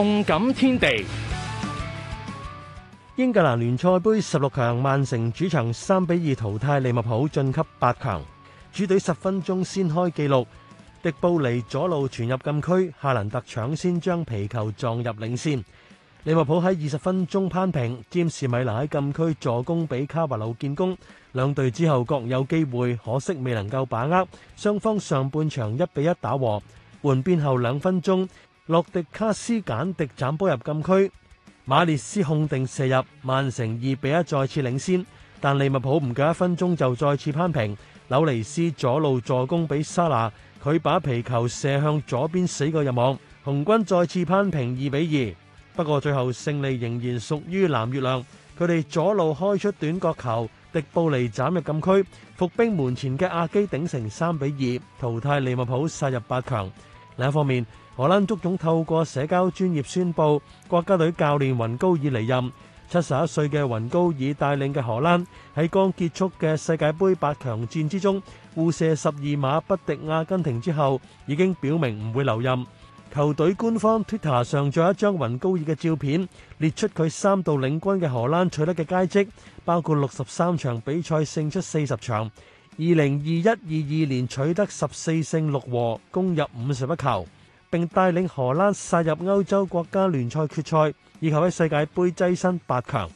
動感天地，英格蘭聯賽盃十六強，曼城主場三比二淘汰利物浦晉級八強。主隊十分鐘先開紀錄，迪布尼左路傳入禁區，夏蘭特搶先將皮球撞入領先。利物浦喺二十分鐘扳平，占士米拿喺禁區助攻，畀卡華路建功。兩隊之後各有機會，可惜未能夠把握。雙方上半場一比一打和，換邊後兩分鐘。洛迪卡斯簡迪斬波入禁區，馬列斯控定射入，曼城二比一再次領先。但利物浦唔夠一分鐘就再次扳平，紐尼斯左路助攻俾沙拿，佢把皮球射向左邊死角入網，紅軍再次扳平二比二。不過最後勝利仍然屬於藍月亮，佢哋左路開出短角球，迪布尼斬入禁區，伏兵門前嘅阿基頂成三比二，淘汰利物浦殺入八強。另一方面，荷蘭足總透過社交專業宣布，國家隊教練雲高爾離任。七十一歲嘅雲高爾帶領嘅荷蘭喺剛結束嘅世界盃八強戰之中，互射十二碼不敵阿根廷之後，已經表明唔會留任。球隊官方 Twitter 上載一張雲高爾嘅照片，列出佢三度領軍嘅荷蘭取得嘅佳績，包括六十三場比賽勝出四十場。二零二一、二二年取得十四勝六和，攻入五十一球，並帶領荷蘭殺入歐洲國家聯賽決賽，以及喺世界盃躋身八強。